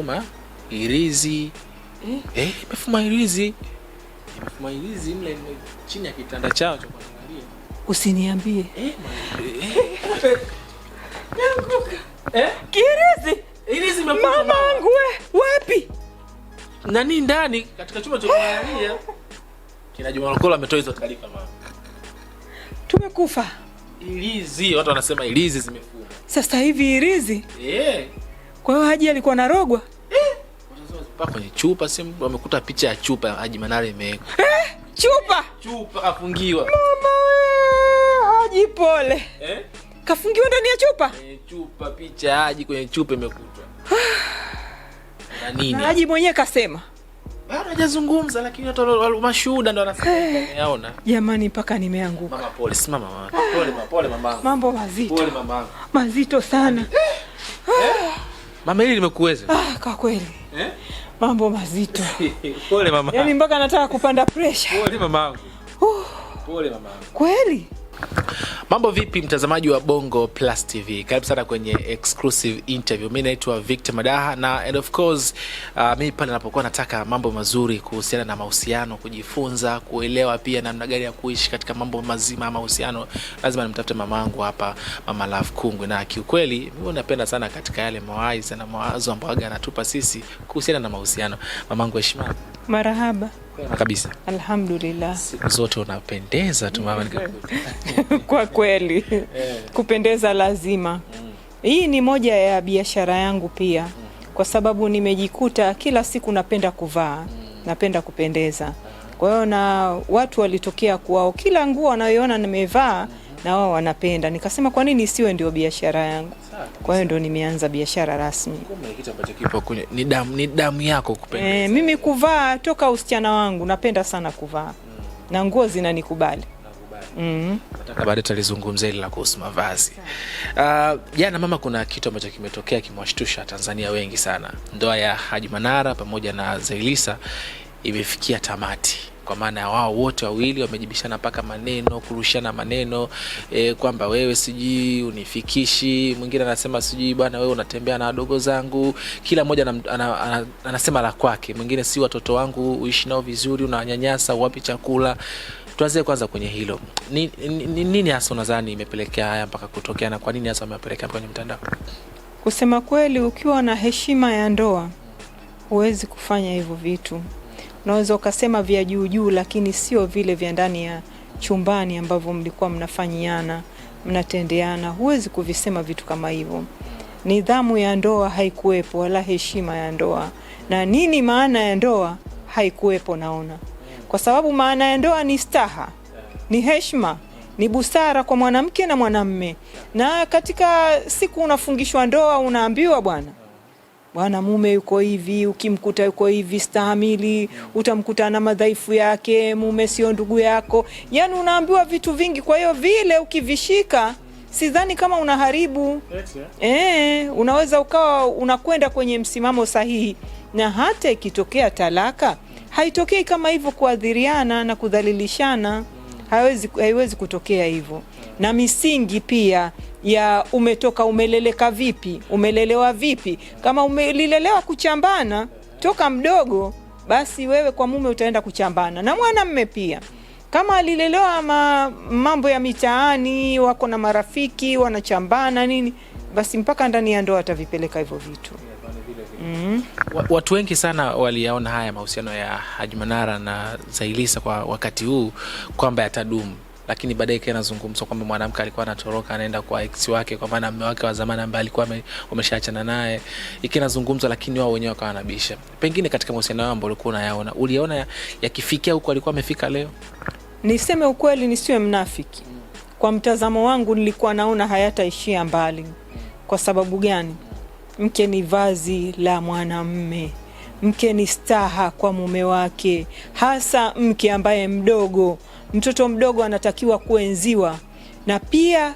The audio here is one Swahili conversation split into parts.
imefuma irizi eh? Eh, imefuma irizi imefuma irizi mle chini ya kitanda chao cha kuangalia. Usiniambie eh, eh. eh? Kirizi irizi mama angu wapi? Nani ndani katika chumba cha kuangalia kina Juma Lokola ametoa hizo taarifa mama. Tumekufa irizi, watu wanasema irizi zimefuma sasa hivi irizi eh. Kwa hiyo Haji alikuwa anarogwa kwenye chupa, simu wamekuta picha ya chupa ya Haji Manara imewekwa eh, chupa chupa, kafungiwa. Mama we Haji pole eh? Kafungiwa ndani ya chupa kwenye chupa, picha ya Haji kwenye chupa imekutwa na nini? Haji mwenyewe kasema bado hajazungumza, lakini watu mashuhuda ndo wanasema yaona. Eh. Jamani, mpaka nimeanguka. Mama pole, simama mama, pole mama, pole mama, mambo mazito, pole mama, mazito sana eh. Mama hili limekuweza? Ah, kwa kweli. Eh? Mambo mazito. Pole mama. Yaani mpaka nataka kupanda pressure. Pole mamangu. Pole mamangu. Kweli? Mambo vipi mtazamaji wa Bongo Plus TV? Karibu sana kwenye exclusive interview. Mimi naitwa Victor Madaha na and of course uh, mimi pale ninapokuwa nataka mambo mazuri kuhusiana na mahusiano, kujifunza, kuelewa pia namna gani ya kuishi katika mambo mazima ya mahusiano, lazima nimtafute mamaangu hapa, Mama Love Kungwi, na kiukweli mimi napenda sana katika yale mawaidha na mawazo ambayo anatupa sisi kuhusiana na mahusiano. Mamangu, heshima. Marahaba kabisa. Alhamdulillah, siku zote unapendeza tu mama. Kwa kweli eh. kupendeza lazima. Mm. Hii ni moja ya biashara yangu pia, mm. kwa sababu nimejikuta kila siku napenda kuvaa, mm. napenda kupendeza. Kwa hiyo na watu walitokea kwao, kila nguo wanayoona nimevaa na wao wanapenda. Nikasema kwa nini siwe ndio biashara yangu? Kwa hiyo ndio nimeanza biashara rasmi. ni damu, ni damu yako kupenda. E, eh, mimi kuvaa toka usichana wangu napenda sana kuvaa mm. na nguo zinanikubali Mm baadaye tutalizungumzia hili la kuhusu mavazi. Ah, jana uh, mama, kuna kitu ambacho kimetokea kimewashtusha Tanzania wengi sana. Ndoa ya Haji Manara pamoja na Zailisa imefikia tamati kwa maana ya wao wote wawili wamejibishana mpaka maneno, kurushana maneno e, kwamba wewe sijui unifikishi, mwingine anasema sijui bwana wewe unatembea na wadogo zangu, kila mmoja anasema la kwake, mwingine si watoto wangu uishi nao vizuri, unawanyanyasa, uwapi chakula Tuanzie kwanza kwenye hilo. Ni, ni, ni, nini hasa unadhani imepelekea haya mpaka kutokea na kwa nini hasa wamepelekea kwenye mtandao? Kusema kweli, ukiwa na heshima ya ndoa huwezi kufanya hivyo vitu unaweza ukasema vya juu juu, lakini sio vile vya ndani ya chumbani ambavyo mlikuwa mnafanyiana mnatendeana, huwezi kuvisema vitu kama hivyo. Nidhamu ya ndoa haikuwepo, wala heshima ya ndoa, na nini maana ya ndoa haikuwepo. Naona kwa sababu maana ya ndoa ni staha, ni heshima, ni busara kwa mwanamke na mwanamme, na katika siku unafungishwa ndoa unaambiwa bwana bwana mume yuko hivi, ukimkuta yuko hivi, stahamili, utamkuta na madhaifu yake, mume sio ndugu yako. Yani unaambiwa vitu vingi, kwa hiyo vile ukivishika sidhani kama unaharibu e, unaweza ukawa unakwenda kwenye msimamo sahihi, na hata ikitokea talaka haitokei kama hivyo kuadhiriana na kudhalilishana haiwezi, haiwezi kutokea hivyo, na misingi pia ya umetoka umeleleka vipi, umelelewa vipi. Kama umelilelewa kuchambana toka mdogo, basi wewe kwa mume utaenda kuchambana na mwanamme pia. Kama alilelewa mambo ya mitaani, wako na marafiki wanachambana nini, basi mpaka ndani ya ndoa atavipeleka hivyo vitu. Watu wengi sana waliyaona haya mahusiano ya hajmanara na Zailisa kwa wakati huu kwamba yatadumu, lakini baadaye ikawa inazungumzwa kwamba mwanamke alikuwa anatoroka anaenda kwa ex wake, kwa maana mume wake wa zamani ambaye alikuwa wameshaachana naye, ikinazungumzwa lakini wao wenyewe wakawa nabisha Pengine katika mahusiano yao ambao ulikuwa unayaona, uliyaona yakifikia huko alikuwa amefika leo? Niseme ukweli, nisiwe mnafiki, kwa mtazamo wangu nilikuwa naona hayataishia mbali. Kwa sababu gani? mke ni vazi la mwanamme, mke ni staha kwa mume wake, hasa mke ambaye mdogo. Mtoto mdogo anatakiwa kuenziwa na pia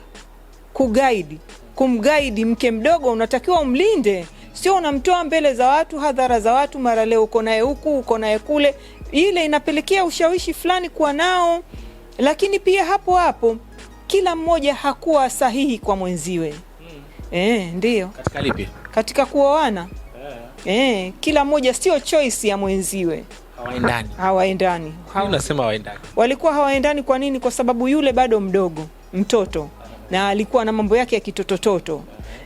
kugaidi, kumgaidi mke mdogo. Unatakiwa umlinde, sio unamtoa mbele za watu, hadhara za watu, mara leo uko naye huku, uko naye kule. Ile inapelekea ushawishi fulani kuwa nao, lakini pia hapo hapo kila mmoja hakuwa sahihi kwa mwenziwe. Hmm. e, ndio Katika lipi? katika kuoana yeah. E, eh, kila mmoja sio choice ya mwenziwe hawaendani, hawaendani. Hawa... unasema hawaendani, walikuwa hawaendani. Kwa nini? Kwa sababu yule bado mdogo, mtoto, na alikuwa na mambo yake ya kitotototo,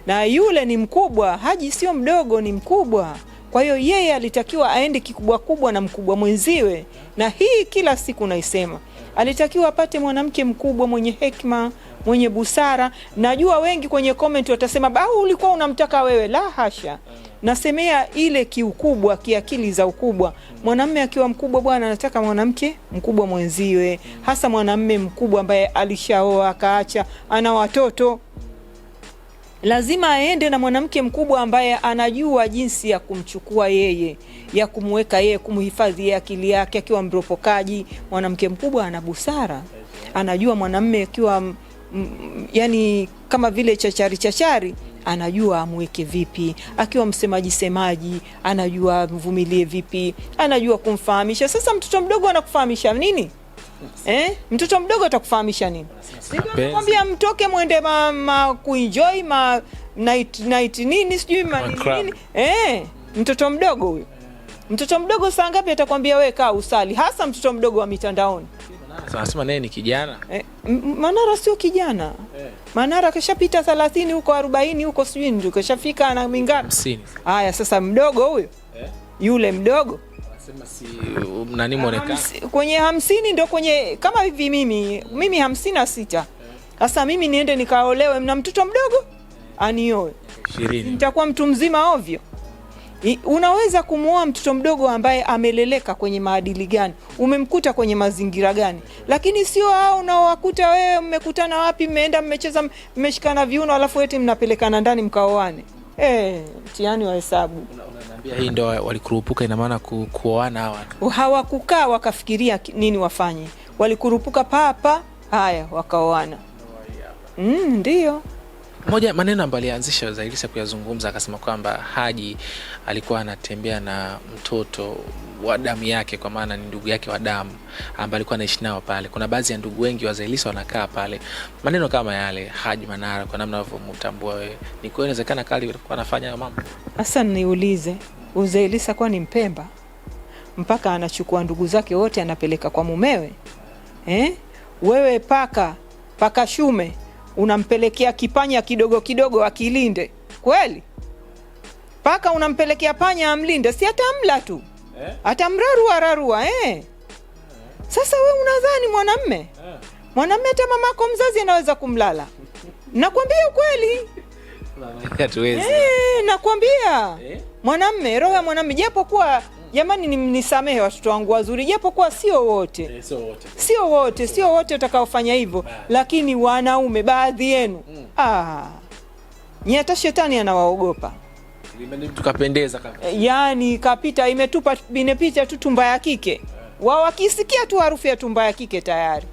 na yule ni mkubwa. Haji sio mdogo, ni mkubwa. Kwa hiyo yeye alitakiwa aende kikubwa kubwa na mkubwa mwenziwe, na hii kila siku naisema alitakiwa apate mwanamke mkubwa mwenye hekima mwenye busara. Najua wengi kwenye comment watasema bau, ulikuwa unamtaka wewe. La hasha, nasemea ile kiukubwa, kiakili za ukubwa. Mwanamme akiwa mkubwa bwana, anataka mwanamke mkubwa mwenziwe, hasa mwanamme mkubwa ambaye alishaoa akaacha, ana watoto lazima aende na mwanamke mkubwa ambaye anajua jinsi ya kumchukua yeye, ya kumweka yeye, kumhifadhi yeye akili yake akiwa mropokaji. Mwanamke mkubwa ana busara, anajua mwanamme akiwa mm, yani kama vile chachari chachari anajua amweke vipi, akiwa msemaji semaji anajua mvumilie vipi, anajua kumfahamisha. Sasa mtoto mdogo anakufahamisha nini? eh? Mtoto mdogo atakufahamisha nini? Sikwambia mtoke mwende ma, ma kuenjoy ma night, night nini sijui ma nini eh? Mtoto mdogo huyo, mtoto mdogo saa ngapi atakwambia wewe kaa usali, hasa mtoto mdogo wa mitandaoni. Sasa naye ni kijana eh, Manara sio kijana eh. Manara kashapita 30 huko arobaini huko sijui ndio kashafika na mingapi? Haya sasa mdogo huyo eh? Yule mdogo Si, um, nani mwonekana kwenye hamsini ndo kwenye kama hivi mimi mimi hamsini na sita sasa mimi niende nikaolewe na mtoto mdogo anioe nitakuwa mtu mzima ovyo. I, unaweza kumwoa mtoto mdogo ambaye ameleleka kwenye maadili gani, umemkuta kwenye mazingira gani, lakini sio hao unaowakuta wewe. Mmekutana wapi? Mmeenda mmecheza, mmeshikana viuno, alafu eti mnapelekana ndani mkaoane eh, mtihani wa hesabu. Unaniambia hii ndio walikurupuka, ina maana kuoana hawa. Hawakukaa wakafikiria nini wafanye, walikurupuka papa haya wakaoana. Mm, ndio. Moja maneno ambayo alianzisha Zaiylissa kuyazungumza akasema kwamba Haji alikuwa anatembea na mtoto wa damu yake, kwa maana ni ndugu yake wa damu ambaye alikuwa anaishi nao pale. Kuna baadhi ya ndugu wengi wa Zaiylissa wanakaa pale, maneno kama yale. Haji Manara, kwa namna unavyomtambua wewe, ni kweli inawezekana kali alikuwa anafanya hayo mambo? Hasan, niulize, Zaiylissa kwa ni Mpemba mpaka anachukua ndugu zake wote anapeleka kwa mumewe eh? Wewe paka paka shume unampelekea kipanya kidogo kidogo akilinde kweli? Paka unampelekea panya amlinde, si atamla tu eh? Atamrarua rarua eh? eh? Sasa we unadhani mwanamme eh? Mwanamme hata mamako mzazi anaweza kumlala, nakwambia ukweli eh, nakwambia eh? Mwanamme roho ya mwanamme japo kuwa Jamani, nisamehe watoto wangu wazuri, japokuwa sio wote, eh, sio wote, sio wote utakaofanya hivyo, lakini wanaume baadhi yenu mm. ah, nyata shetani anawaogopa tukapendeza eh, yaani, kapita imetupa imepicha tu tumba ya kike, eh. wawakisikia tu harufu ya tumba ya kike tayari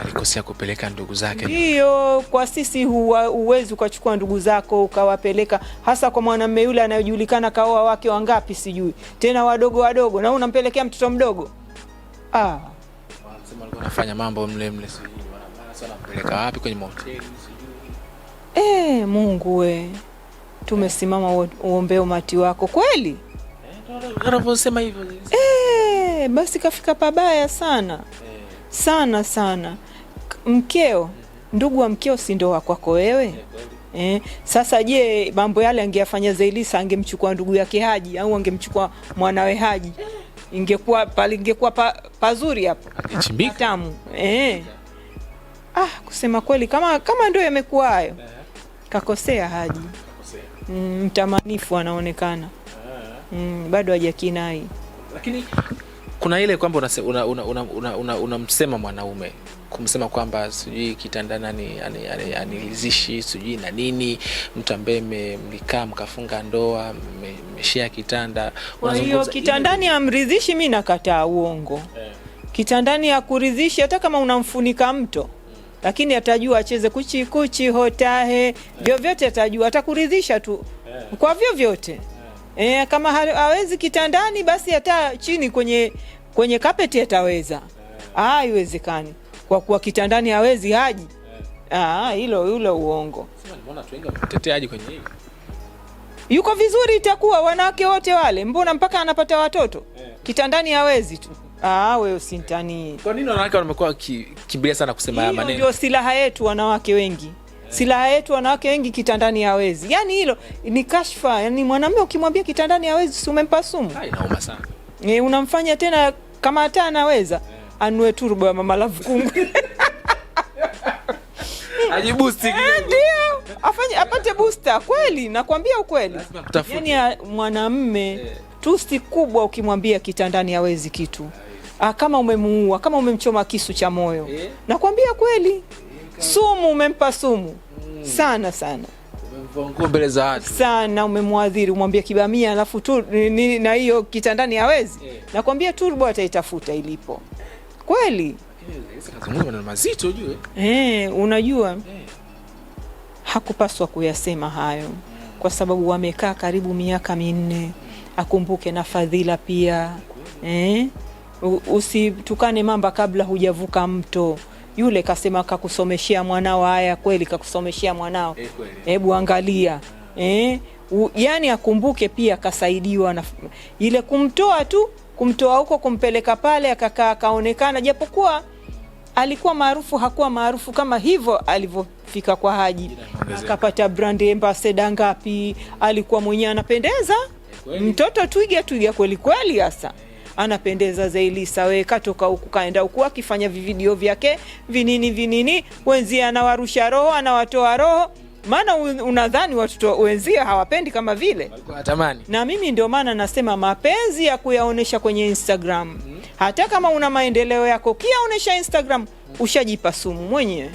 alikosea kupeleka ndugu zake. Ndio, kwa sisi uwezi ukachukua ndugu zako ukawapeleka, hasa kwa mwanamume yule anayojulikana kaoa wake wangapi, sijui tena wadogo wadogo, na unampelekea mtoto mdogo ah. Anafanya mambo mle mle, sijui wapi, kwenye mahoteli E, Mungu we, tumesimama uombee umati wako kweli, anavyosema hivyo e, basi kafika pabaya sana sana sana. Mkeo, ndugu wa mkeo, si ndoa kwako wewe? Eh, sasa je, mambo yale angeyafanya Zailisa, angemchukua ndugu yake Haji au angemchukua mwanawe Haji, ingekuwa palingekuwa pa, pazuri hapo tamu eh. Ah, kusema kweli kama kama ndo yamekuwa hayo, kakosea Haji. Mm, mtamanifu anaonekana ah. mm, bado hajakinai lakini kuna ile kwamba unamsema una, una, una, una, una mwanaume kumsema kwamba sijui kitandana anilizishi sijui na nini, mtu ambaye mlikaa mkafunga ndoa mmeshia kitanda. kwahiyo kitandani amridhishi, mi nakataa uongo yeah. Kitandani akuridhishi hata kama unamfunika mto lakini atajua acheze kuchi kuchi hotahe eh. vyovyote, atajua atakuridhisha tu eh. kwa vyovyote. E, kama hawezi kitandani basi hata chini kwenye kwenye kapeti ataweza. Ah, haiwezekani kwa kuwa kitandani hawezi haji. Eh. Ah, hilo yule uongo. Sema nimeona watu wengi wanatetea kwenye hili. Yuko vizuri, itakuwa wanawake wote wale, mbona mpaka anapata watoto eh. kitandani hawezi tu. Ah, wewe usintani. Kwa nini wanawake wamekuwa wakikimbilia sana kusema haya maneno? Ndio silaha yetu wanawake wengi silaha yetu wanawake wengi kitandani hawezi. yani hilo ni kashfa. yani mwanamume ukimwambia kitandani hawezi, si umempa sumu? Inauma sana. E, unamfanya tena kama hata anaweza anue turbo ya mama love kungwe. Ajibusti eh, ndio afanye apate booster kweli, nakwambia ukweli. Yaani mwanamume eh. tusi kubwa ukimwambia kitandani hawezi kitu A, ah, kama umemuua, kama umemchoma kisu cha moyo, eh. nakwambia kweli, sumu umempa sumu. Mm. sana sana sana, umemwadhiri, umwambia kibamia, alafu tu na hiyo kitandani hawezi yeah. Nakwambia turbo ataitafuta ilipo kweli mazito Eh, unajua yeah. Hakupaswa kuyasema hayo mm. kwa sababu wamekaa karibu miaka minne, mm. akumbuke na fadhila pia eh. Usitukane mamba kabla hujavuka mto yule kasema kakusomeshea mwanao. Haya, kweli kakusomeshea mwanao, eh, hebu angalia eh, yani akumbuke pia kasaidiwa na ile kumtoa tu kumtoa huko kumpeleka pale, akakaa akaonekana, japokuwa alikuwa maarufu, hakuwa maarufu kama hivyo alivyofika kwa Haji. Akapata brand ambassador ngapi? Alikuwa mwenyewe anapendeza, eh, mtoto twiga twiga kweli kweli hasa. Eh anapendeza Zailisa, we katoka huku kaenda huku, akifanya vivideo vyake vinini vinini, wenzie anawarusha roho, anawatoa roho maana unadhani watoto wenzia hawapendi kama vile natamani. Na mimi ndio maana nasema mapenzi ya kuyaonesha kwenye Instagram mm -hmm. Hata kama una maendeleo yako kiaonesha Instagram mm -hmm. Ushajipa sumu mwenyewe.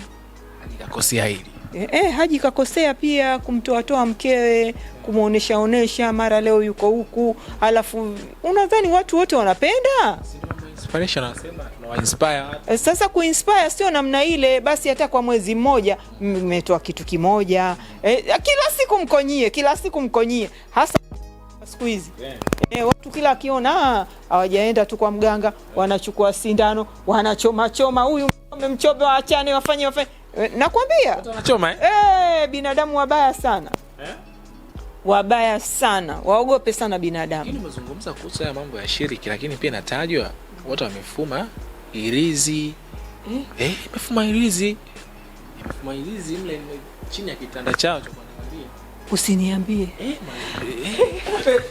Haji hili e, eh, e, eh, Haji kakosea pia kumtoatoa mkewe kumuonesha onesha, mara leo yuko huku, alafu unadhani watu wote wanapenda? Eh, sasa kuinspire sio namna ile. Basi hata kwa mwezi mmoja mmetoa kitu kimoja eh, kila siku mkonyie, kila siku mkonyie, hasa siku hizi yeah. E, watu kila akiona ah, hawajaenda tu kwa mganga, wanachukua sindano wanachomachoma huyu amemchoma, wachane wafanye wafanye. E, nakwambia eh? E, binadamu wabaya sana eh? wabaya sana, waogope sana binadamu. Umezungumza kuhusu haya mambo ya shiriki, lakini pia inatajwa watu wamefuma irizi eh? Eh, imefuma irizi imefuma irizi mle chini ya kitanda chao. cha Usiniambie eh, eh.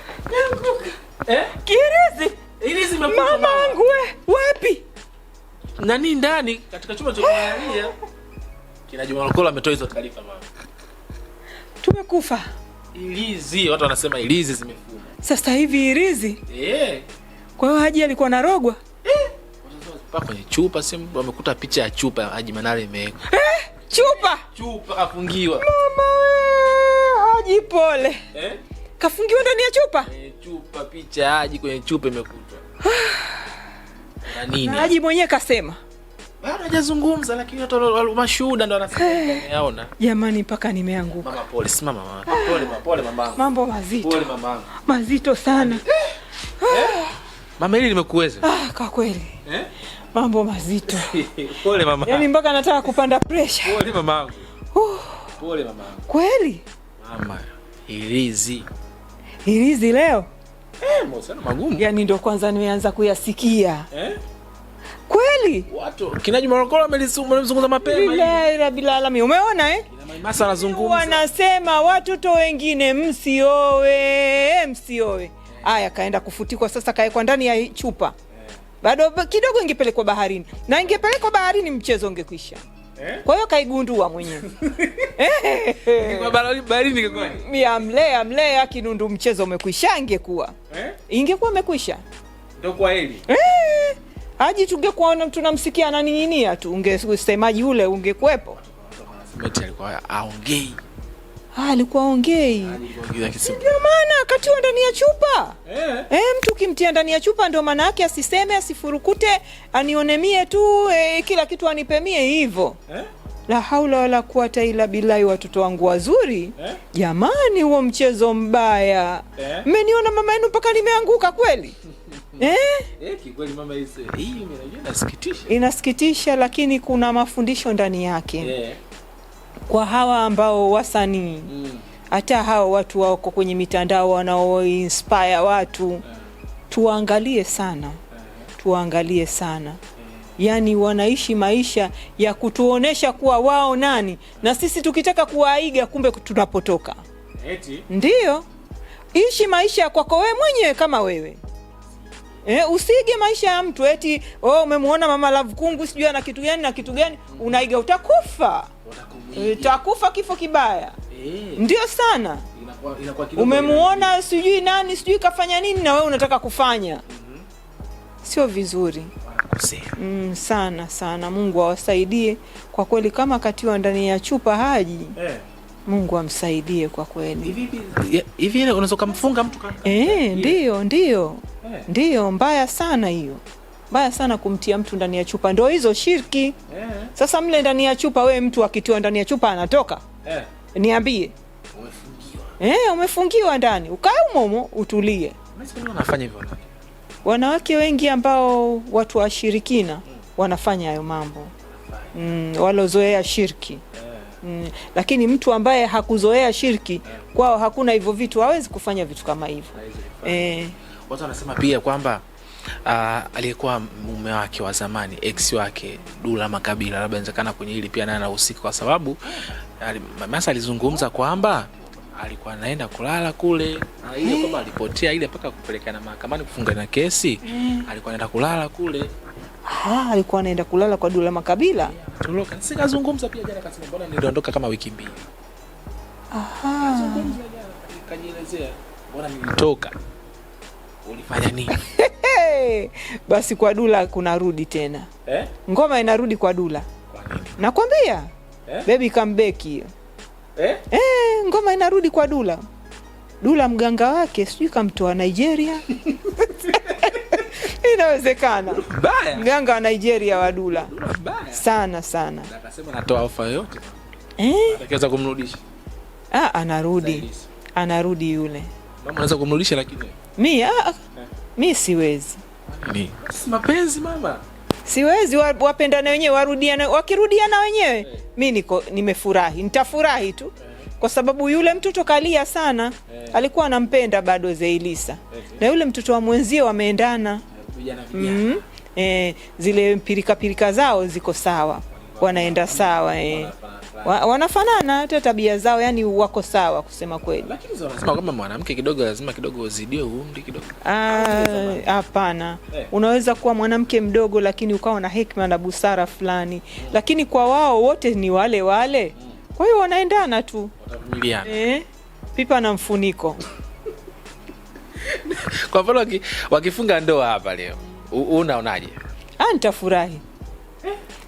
eh? Kirizi irizi mama mamangu, wapi? Nani ndani katika chumba cha Maria? Kina Juma Lokolo ametoa hizo taarifa mama. Tumekufa. Ilizi, watu wanasema ilizi zimefuma sasa hivi ilizi. Eh. Kwa hiyo Haji alikuwa narogwa eh. Papa ni chupa, simu wamekuta picha ya chupa Haji Manara imewekwa eh, chupa chupa kafungiwa. Mama we, Haji pole eh? Kafungiwa ndani ya chupa eh, chupa picha ya Haji kwenye chupa imekutwa na nini? Haji mwenyewe kasema bado hajazungumza lakini watu wa mashuhuda ndo wanaona. Eh. Jamani mpaka nimeanguka. Mama pole, simama mama. Ah. Pole mama, pole mamangu. Mambo mazito. Pole mamangu. Mazito sana. Eh? eh. Mama ili nimekuweza Ah, kwa kweli. Eh? Mambo mazito. Pole mama. Yaani mpaka nataka kupanda pressure. Pole mama mamangu. Pole mamangu. Kweli? Mama, ilizi. Ilizi leo? Eh, mbona magumu? Yaani ndo kwanza nimeanza kuyasikia. Eh? Kweli? Watu kinaji morokoro Lokole mapema. Bila bila Umeona eh? Masa anazungumza. Wanasema watoto wengine msioe, msioe. Aya kaenda kufutikwa sasa kawekwa ndani ya chupa. Eh. Bado kidogo ingepelekwa baharini. Na ingepelekwa baharini mchezo ungekwisha. Eh? Kwa hiyo kaigundua mwenyewe. mlea mlea kinundu mchezo umekwisha ingekuwa. Eh? Ingekuwa umekwisha. Ndio kwa hili aji tungekuwa tunamsikia ananing'inia tu, ungesemaji ule ungekuwepo. Alikuwa aongei ah, alikuwa ongei, yaani ndio maana akatiwa ndani ya chupa yeah. E, eh, mtu ukimtia ndani ya chupa ndio maana yake asiseme, asifurukute, anionemie tu e, kila kitu anipemie hivyo yeah. La haula wala kuwata ila bilahi, watoto wangu wazuri eh? Jamani, huo mchezo mbaya eh? mmeniona Mama yenu mpaka limeanguka kweli. Eh? Eh, kikweli mama hizo. Hii mimi najua inasikitisha. Inasikitisha lakini kuna mafundisho ndani yake. Yeah. Kwa hawa ambao wasanii mm. hata mm. hawa watu wako kwenye mitandao wanaoinspire watu yeah. Tuangalie sana yeah. Tuangalie sana yeah. Yaani wanaishi maisha ya kutuonesha kuwa wao nani na sisi tukitaka kuwaiga kumbe tunapotoka. Eti? ndio, ishi maisha ya kwako wewe mwenyewe kama wewe Eh, usige maisha ya mtu eti oh, umemwona Mama Love Kungu sijui ana kitu gani na kitu gani mm. Unaiga utakufa, utakufa kifo kibaya e. Ndio sana umemwona sijui nani sijui kafanya nini na wewe unataka kufanya mm -hmm. Sio vizuri mm, sana sana. Mungu awasaidie kwa kweli, kama katiwa ndani ya chupa haji eh. Mungu amsaidie kwa kweli. Hivi ile unaweza kumfunga mtu kaka? Eh, ndio ndio ndio, eh. mbaya sana hiyo, mbaya sana kumtia mtu ndani ya chupa, ndio hizo shirki e. Sasa mle ndani ya chupa, we mtu akitiwa ndani ya chupa anatoka e. Niambie umefungiwa. Eh, umefungiwa ndani, ukae humo utulie. Wanafanya hivyo wanawake wengi ambao watu washirikina hmm. wanafanya hayo mambo mm, walozoea shirki e mm, lakini mtu ambaye hakuzoea shirki kwao hakuna hivyo vitu, hawezi kufanya vitu kama hivyo eh. Watu wanasema pia kwamba uh, aliyekuwa mume wake wa zamani ex wake Dula Makabila, labda inawezekana kwenye hili pia naye anahusika, kwa sababu Masa alizungumza kwamba alikuwa anaenda kulala kule ile kwamba alipotea ile mpaka kupelekana mahakamani kufunga na kesi, mm. alikuwa anaenda kulala kule ha, alikuwa anaenda kulala kwa Dula Makabila. Sikazungumza pia jana, kasema mbona niliondoka kama wiki mbili. Aha, kajielezea mbona nilitoka, ulifanya nini? Basi kwa Dula kunarudi tena eh? Ngoma inarudi kwa Dula, Kwa nini? nakwambia eh? Baby comeback hiyo eh? Eh, ngoma inarudi kwa Dula. Dula mganga wake sijui kamtoa Nigeria inawezekana. Mganga wa Nigeria wa Dula sana sana eh? Ah, anarudi anarudi yule mi, ah, ah. Eh. mi siwezi ni mapenzi mama, siwezi wapendana wenyewe warudiana, wakirudiana wenyewe hey. Eh. Mi niko nimefurahi, nitafurahi tu hey. Eh. Kwa sababu yule mtoto kalia sana hey. Alikuwa anampenda bado Zeilisa hey. Na yule mtoto wa mwenzio wameendana vijana mm-hmm. vijana. Mm -hmm. E, zile pirika pirika zao ziko sawa, wanaenda sawa eh. Wa, wanafanana hata tabia zao, yani wako sawa kusema kweli. Lakini kama mwanamke kidogo lazima kidogo uzidie umri kidogo. Ah, hapana, Hey. Eh. Unaweza kuwa mwanamke mdogo lakini ukawa na hekima na busara fulani mm. Lakini kwa wao wote ni wale wale mm. Kwa hiyo wanaendana tu eh, pipa na mfuniko Kwa mfano wakifunga ndoa hapa leo, unaonaje? Ah, nitafurahi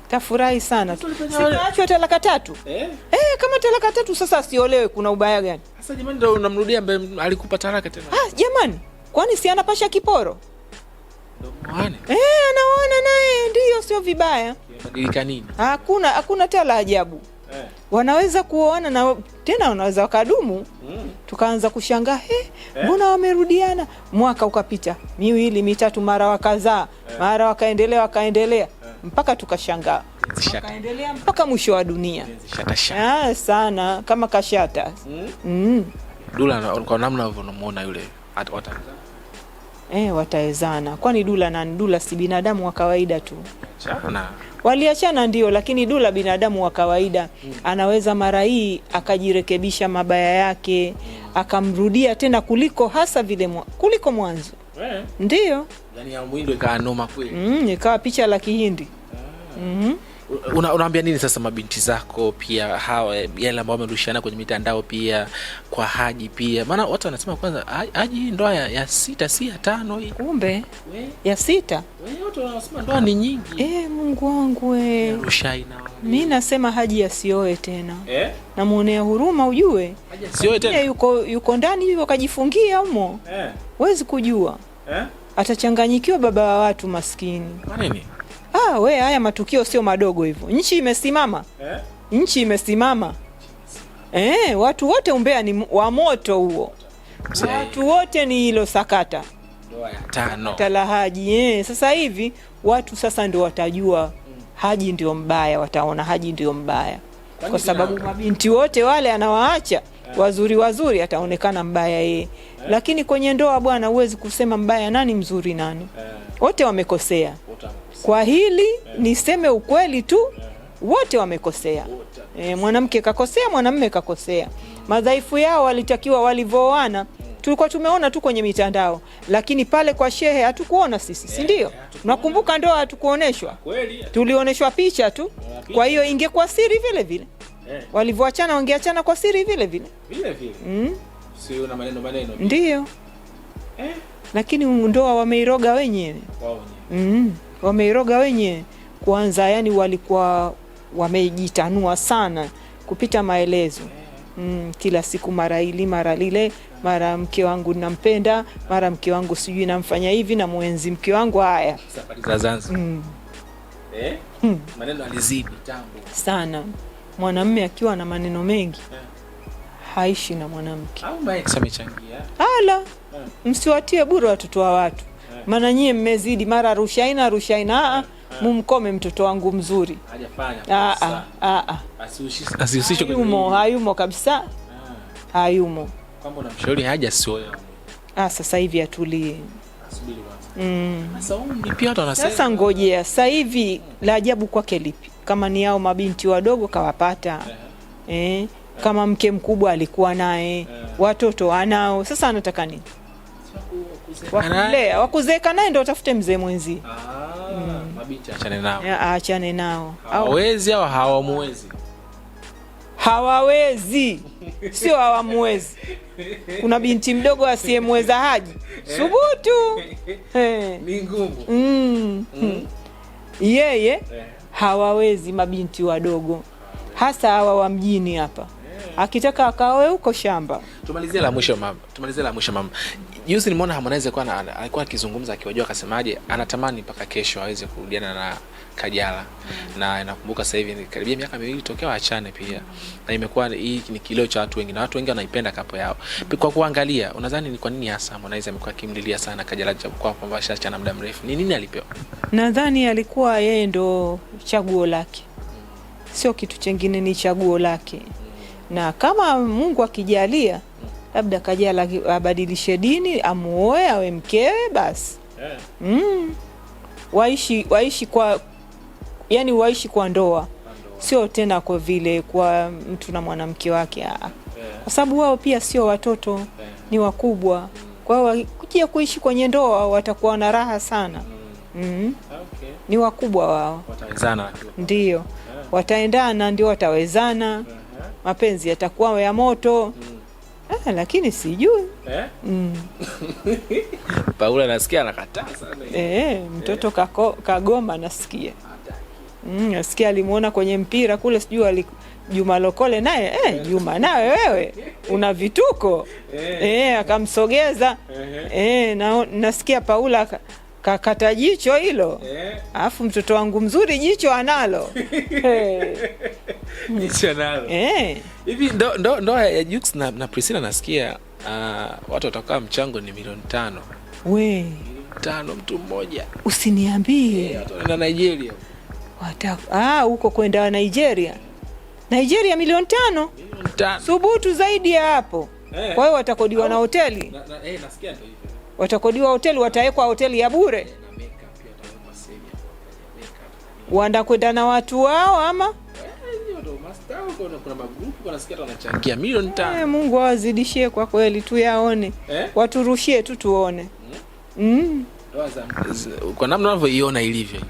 Tafurahi sana tu, talaka tatu eh? Eh, kama talaka tatu sasa siolewe, kuna ubaya gani sasa? Jamani, ndo unamrudia ambaye alikupa talaka tena? Ah, jamani, kwani si anapasha kiporo Eh, anaona naye, ndiyo, sio vibaya. Hakuna hakuna tala ajabu eh, wanaweza kuona na tena wanaweza wakadumu mm. Tukaanza kushangaa eh. mbona eh, wamerudiana. Mwaka ukapita miwili mitatu, mara wakazaa eh, mara wakaendelea wakaendelea eh, mpaka tukashangaa wakaendelea mpaka mwisho wa dunia. Shata, shata. Ah, sana kama kashata mm. Mm. Dula, kwa namna unavyomuona yule At, eh, watawezana, kwani Dula na dula si binadamu wa kawaida tu Chana. Waliachana ndio, lakini Dula binadamu wa kawaida mm. Anaweza mara hii akajirekebisha mabaya yake mm. Akamrudia tena kuliko hasa vile mwa, kuliko mwanzo yeah. Ndio yaani ikawa mm, picha la Kihindi ah. mm -hmm una, unaambia nini sasa mabinti zako pia hawa yale ambao wamerushiana kwenye mitandao pia kwa Haji pia, maana watu wanasema kwanza Haji hii ndoa ya, ya sita si ya tano hii, kumbe ya sita watu wanasema ndoa ni nyingi e, Mungu wangu we, mimi nasema Haji yasioe tena e? Eh? Namuonea huruma ujue, tena yuko, yuko ndani hivyo kajifungia humo e? Eh. Wezi kujua e? Atachanganyikiwa baba wa watu maskini. Kwa nini? Ah, we haya matukio sio madogo hivyo. Nchi imesimama eh? Nchi imesimama eh, watu wote umbea ni wa moto huo, watu wote ni hilo sakata sakata Haji eh. Sasa hivi watu sasa ndio watajua mm. Haji ndio mbaya, wataona Haji ndio mbaya kwa sababu mabinti wote wale anawaacha eh. wazuri wazuri, ataonekana mbaya yeye. Eh. Lakini kwenye ndoa bwana, huwezi kusema mbaya nani mzuri nani, eh. wote wamekosea. Kwa hili niseme ukweli tu, wote wamekosea. E, mwanamke kakosea, mwanamme kakosea. Madhaifu yao walitakiwa walivoana tulikuwa tumeona tu kwenye mitandao, lakini pale kwa shehe hatukuona sisi, si ndio? Nakumbuka ndoa hatukuoneshwa, tulioneshwa picha tu. Kwa hiyo ingekuwa siri vile vile, eh. walivyoachana wangeachana kwa siri vile vile vile vile, mm. maneno maneno, ndio eh, lakini ndoa wameiroga wenyewe, mm wameiroga wenye kwanza, yani walikuwa wamejitanua sana kupita maelezo mm, kila siku mara hili mara lile, mara mke wangu nampenda, mara mke wangu sijui namfanya hivi na mwenzi mke wangu. Haya, mm. eh? mm. maneno alizidi sana. Mwanamme akiwa na maneno mengi eh. haishi na mwanamke, ala eh. msiwatie bure watoto wa watu Eh. maana nyie mmezidi, mara rushaina rushaina. Ah, ah. eh. Mumkome mtoto wangu mzuri, ah, hayumo hayumo kabisa, eh. hayumo sasa hivi atulie. Mm. Sasa ngojea sasa hivi la ajabu kwake lipi? Kama ni ao mabinti wadogo kawapata, eh, kama mke mkubwa alikuwa naye, watoto anao, sasa anataka nini? wakulea wakuzeeka naye, ndo watafute mzee mwenzi. Ah, achane nao, ah, hawawezi au hawamwezi hawawezi sio hawamwezi. Kuna binti mdogo asiyemweza Haji subutu mm. mm. yeye eh. Hawawezi mabinti wadogo, hasa hawa wa mjini hapa, eh. akitaka akaoe huko shamba. Tumalizie la mwisho mama, tumalizie la mwisho mama. Juzi nimeona Harmonize alikuwa alikuwa akizungumza akiwajua, akasemaje, anatamani mpaka kesho aweze kurudiana na Kajala mm. na nakumbuka sasa hivi karibia miaka miwili tokea waachane pia na imekuwa hii ni kilio cha watu wengi na watu wengi wanaipenda kapo yao mm. kwa kuangalia, unadhani ni kwa nini hasa Harmonize amekuwa akimlilia sana Kajala kwa kwamba ashaachana muda mrefu? Ni nini alipewa? Nadhani alikuwa yeye ndo chaguo lake mm. sio kitu chengine, ni chaguo lake na kama Mungu akijalia labda Kajala abadilishe dini, amuoe awe mkewe basi, yeah. mm. waishi waishi kwa yani waishi kwa ndoa, sio tena kwa vile kwa mtu na mwanamke wake yeah. kwa sababu wao pia sio watoto yeah. ni wakubwa, mm. kwa hiyo wakija kuishi kwenye ndoa watakuwa na raha sana mm. Mm. Okay. ni wakubwa wao, ndio wataendana, ndio watawezana, uh-huh. mapenzi yatakuwa ya moto mm. Ah, lakini sijui eh? mm. Paula nasikia anakataa sana. Eh, eh, mtoto eh. Kako, kagoma nasikia mm, nasikia alimwona kwenye mpira kule sijui ali Juma Lokole naye eh, eh. Juma nawe wewe una vituko eh, eh akamsogeza eh, na, nasikia Paula kakata jicho hilo eh. alafu, yeah. Mtoto wangu mzuri jicho analo jicho analo eh. hivi hey. Ndoa ndo, ndo, ya Jux na, na Priscilla nasikia uh, watu watakaa mchango ni milioni tano we tano mtu mmoja usiniambie yeah, na Nigeria ah, huko kwenda Nigeria Nigeria milioni tano, milioni Subutu zaidi ya hapo hey. Eh. Kwa hiyo watakodiwa na hoteli na, na, hey, nasikia ndio watakodiwa hoteli, watawekwa hoteli ya bure, wanda kwenda na watu wao ama Hey, eh, Mungu awazidishie kwa kweli, tuyaone eh? Waturushie tu tuone mm. Mm. Kwa namna unavyoiona ilivyo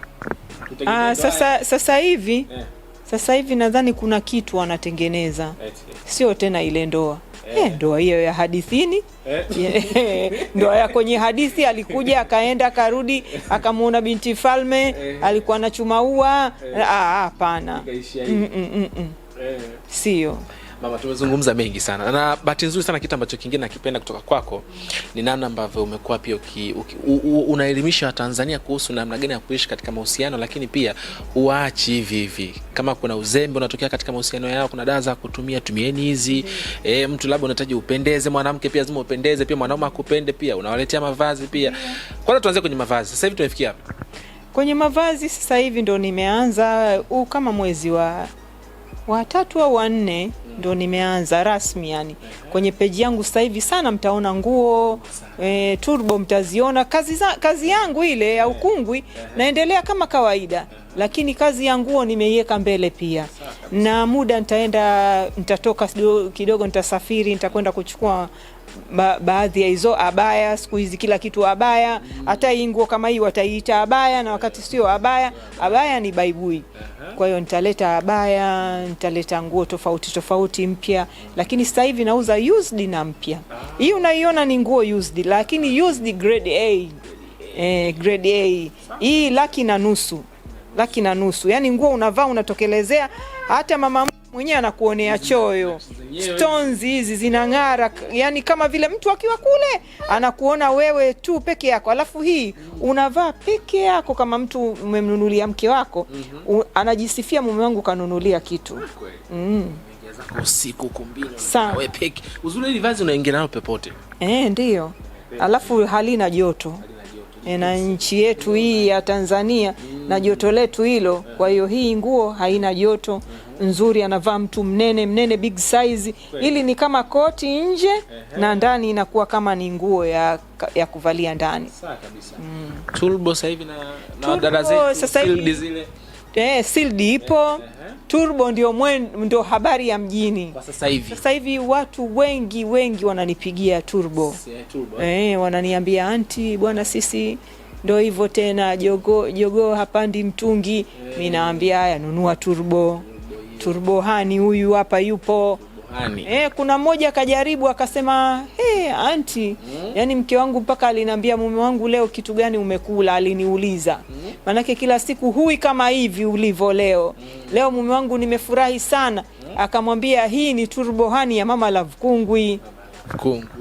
ah, sasa, sasa hivi eh. Sasa hivi nadhani kuna kitu wanatengeneza, sio tena ile ndoa eh, eh, ndoa hiyo ya hadithini eh. ndoa ya kwenye hadithi alikuja akaenda akarudi akamuona binti falme eh, alikuwa anachuma ua eh. ah, ah, hapana eh. mm -mm -mm. eh. sio Mama, tumezungumza mengi sana na bahati nzuri sana, kitu ambacho kingine nakipenda kutoka kwako ni namna ambavyo umekuwa pia unaelimisha Watanzania kuhusu namna gani ya kuishi katika mahusiano, lakini pia uwaachi hivi hivi. Kama kuna uzembe unatokea katika mahusiano yao, kuna dawa za kutumia, tumieni hizi mm. -hmm. E, mtu labda unahitaji upendeze mwanamke, pia lazima upendeze pia mwanaume akupende, pia unawaletea mavazi pia mm. -hmm. Kwanza tuanze kwenye mavazi, sasa hivi tumefikia kwenye mavazi, sasa hivi ndo nimeanza kama mwezi wa watatu au wanne ndo nimeanza rasmi yani. Kwenye peji yangu sasa hivi sana mtaona nguo e, turbo mtaziona kazi, za, kazi yangu ile ya ukungwi naendelea kama kawaida lakini kazi ya nguo nimeiweka mbele pia, na muda nitaenda, nitatoka kidogo, nitasafiri, nitakwenda kuchukua ba baadhi ya hizo abaya. Siku hizi kila kitu abaya, hata hii nguo kama hii wataiita abaya, na wakati sio abaya. Abaya ni baibui. Kwa hiyo nitaleta abaya, nitaleta nguo tofauti tofauti mpya, lakini sasa hivi nauza used na mpya. Hii unaiona ni nguo used, lakini used grade A, eh, grade A hii laki na nusu laki na nusu. Yaani nguo unavaa unatokelezea, hata mama mwenyewe anakuonea choyo. Stones hizi zinang'ara, yani kama vile mtu akiwa kule anakuona wewe tu peke yako, alafu hii unavaa peke yako. Kama mtu umemnunulia mke wako mhm. anajisifia mume wangu kanunulia kitu mm. usiku kumbini wewe peke uzuri, ile vazi unaingia nalo popote eh, ndio, alafu halina joto na nchi yetu hii ya Tanzania na joto letu hilo. Kwa hiyo hii nguo haina joto nzuri, anavaa mtu mnene mnene, big size. ili ni kama koti nje na ndani inakuwa kama ni nguo ya, ya kuvalia ndani. Sawa kabisa. Mm. Tulbo sasa hivi na, na dada zetu zile Eh, sealed ipo turbo ndio mwen, ndio habari ya mjini sasa hivi. Sasa hivi watu wengi wengi wananipigia turbo, eh, turbo. Eh, wananiambia anti, bwana sisi ndo hivyo tena, jogo, jogo hapandi mtungi. Mimi eh. naambia haya, nunua turbo, turbo hani huyu hapa yupo Eh, kuna mmoja akajaribu akasema, hey, anti mm. Yani mke wangu mpaka aliniambia mume wangu, leo kitu gani umekula? Aliniuliza mm. Manake kila siku hui kama hivi ulivyo leo mm. Leo mume wangu nimefurahi sana mm. Akamwambia hii ni turbohani ya Mama Love Kungwi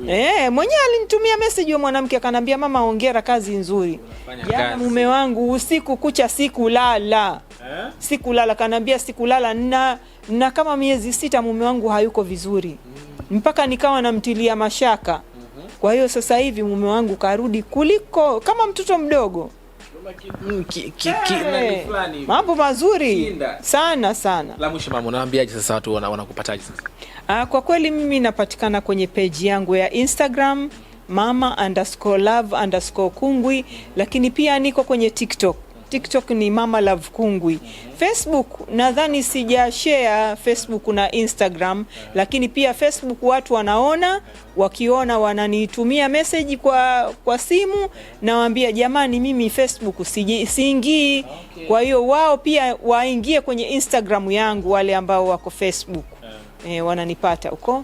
E, eh, mwenyewe alinitumia message wa mwanamke akanambia, mama, hongera, kazi nzuri. yaani mume wangu usiku kucha siku lala la eh? Sikulala, kanaambia sikulala na, na kama miezi sita mume wangu hayuko vizuri mm. mpaka nikawa namtilia mashaka mm -hmm. Kwa hiyo sasa hivi mume wangu karudi kuliko kama mtoto mdogo mm, eh, mambo mazuri Kinda. sana sana. La mwisho mama, sasa watu wanakupataje sasa? Ah, kwa kweli mimi napatikana kwenye peji yangu ya Instagram mama underscore love underscore kungwi, lakini pia niko kwenye TikTok TikTok ni Mama Love Kungwi. Facebook nadhani sija share Facebook na Instagram, lakini pia Facebook watu wanaona wakiona wananitumia meseji kwa, kwa simu nawaambia, jamani, mimi Facebook siingii. Okay. Kwa hiyo wao pia waingie kwenye Instagram yangu wale ambao wako Facebook. E, wananipata huko.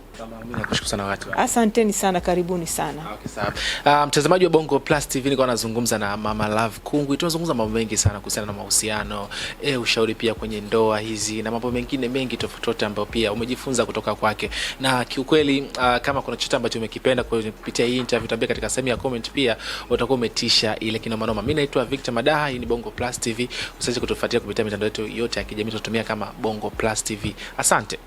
Asanteni sana, karibuni sana. Ah, okay, ah, mtazamaji um, wa Bongo Plus TV nilikuwa nazungumza na Mama Love Kungwi. Tunazungumza mambo mengi sana kuhusiana na mahusiano e, ushauri pia kwenye ndoa hizi na mambo mengine mengi tofauti ambayo pia umejifunza kutoka kwake, na kiukweli uh, kama kuna chochote ambacho umekipenda kupitia hii interview, tambia katika sehemu ya comment, pia utakuwa umetisha ile kinoma noma. Mimi naitwa Victor Madaha, hii ni Bongo Plus TV. Usiache kutufuatilia kupitia mitandao yetu yote ya kijamii tunatumia kama Bongo Plus TV. Asante.